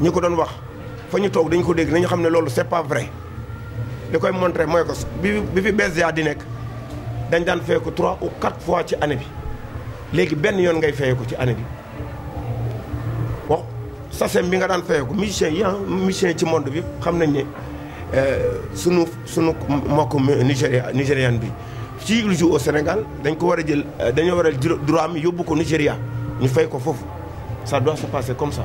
ñi ko doon wax fa ñu toog dañ ko dégg nañu xam ne loolu c'est pas vrai li koy montré mooy ko bi bi fi BSDA di nekk dañ daan fay ko trois ou quatre fois ci année bi léegi benn yoon ngay fay ci année bi wax sasem bi nga daan fay ko musicien yi ah, musicien ci monde bi xam nañ ne euh, sunu sunu mbokk Nigéria nigérian bi ci il au Sénégal dañ ko war a jël euh, dañoo war a droit mi yóbbu ko Nigéria ñu fay ko foofu ça doit se passer comme ça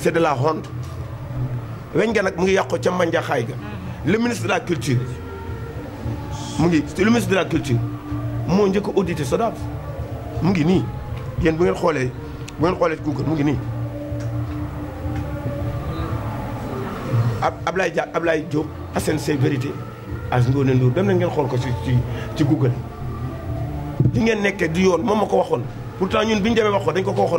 c'est de la honte nak mu ngi le ministre de la culture mu le ministre de la culture Mo Il a audité SODAV mu ngi bu ngeen bu ngeen Google mu ngi vérité as ngone Ndour dem na ngeen xol ko ci ci Google li ngeen nekké du yoon pourtant ñun dañ ko ko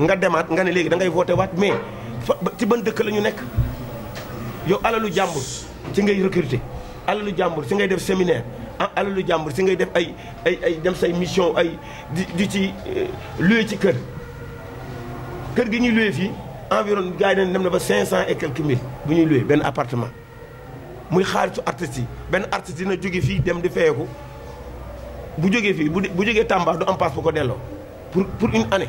nga demaat nga ne léegi da ngay voté waat mais ci ban dëkk la nekk yow alalu jàmbur ci ngay recruter alalu jàmbur ci ngay def séminaire ah alalu jàmbur ci ngay def ay ay ay dem say mission ay di di ci euh, loué ci kër kër gi ñuy loué fii environ gaa yi dañ dem na ba cinq cent et quelques mille bu ñuy loué benn appartement muy xaaritu artistes yi benn artiste na jóge fii dem di feyeku bu jógee fii bu bu jógee Tamba du am passe ko delloo pour pour une année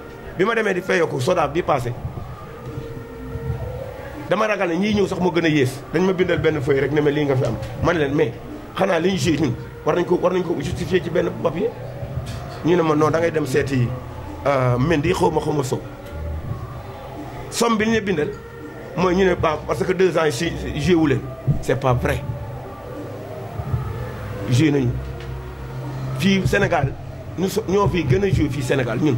bi ma demee di soda bi passé dama ragal ne ñii ñëw sax moo gën a dañ ma bindal benn feuille rek ne ma nga fi am mais xanaa li ñu ñun war nañ ko war nañ ko justifier ci benn papier ñu ne ma non da ngay dem seeti euh, xaw ma xaw ma sow somme bi ñu bindal ñu ne pas parce que deux ans ici c'est pas vrai nañu fii Sénégal ñu ñoo gën a Sénégal ñun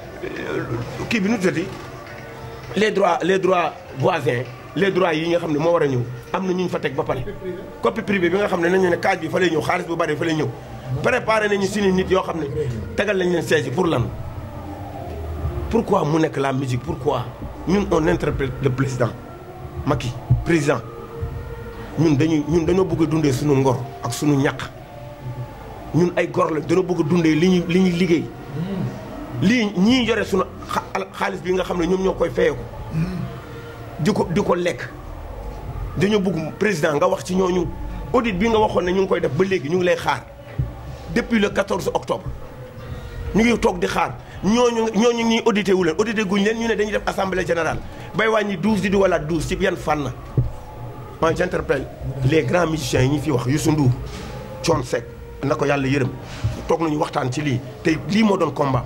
Qui euh, bi nu tuddati les droits les droits voisins les droits yi nga xam mo wara war amna am ñu ñu fa ba pare. copie privée bi nga xam nañu né kaaj bi fa lay ñëw xaalis bu bari fa lay ñëw. préparé nañu suñu nit yo xam ne tegal leen siège pour lan. pourquoi mu nek la musique pourquoi ñun on interprète le président Macky président ñun dañu ñun dañu bëgg dundé suñu ngor ak suñu ñaq ñun ay gor la dañu bëgg dundé liñu liñu liggéey. lii ñii yore sunu xaalis bi nga xam ne ñoom ñoo koy fayee ko hmm. di ko di ko lekk dañoo bugg président nga wax ci ñooñu audit bi nga waxoon ne ñu ngi koy def ba léegi ñu ngi lay xaar depuis le 14 octobre ñu ngi toog di xaar ñooñu ñooñu ñu audité wu leen audité guñ leen ñu ne dañu def assamble générale bay wàññi 12 di di wala 12 ci yan fànn moi j'interpelle les grands musiciens yi ñu fi wax Youssou Ndour Thione na ko yàlla yërëm toog nañu waxtaan ci lii te lii moo doon combat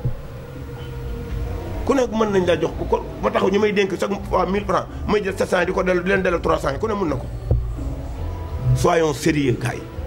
ku ne mën nañ laa jox ko ma taxaw ñu may dénk chaque fois mille francs may jël sept 700 di ko dellu di leen dellu 300 ku ne mën na ko soyons sérieux gars yi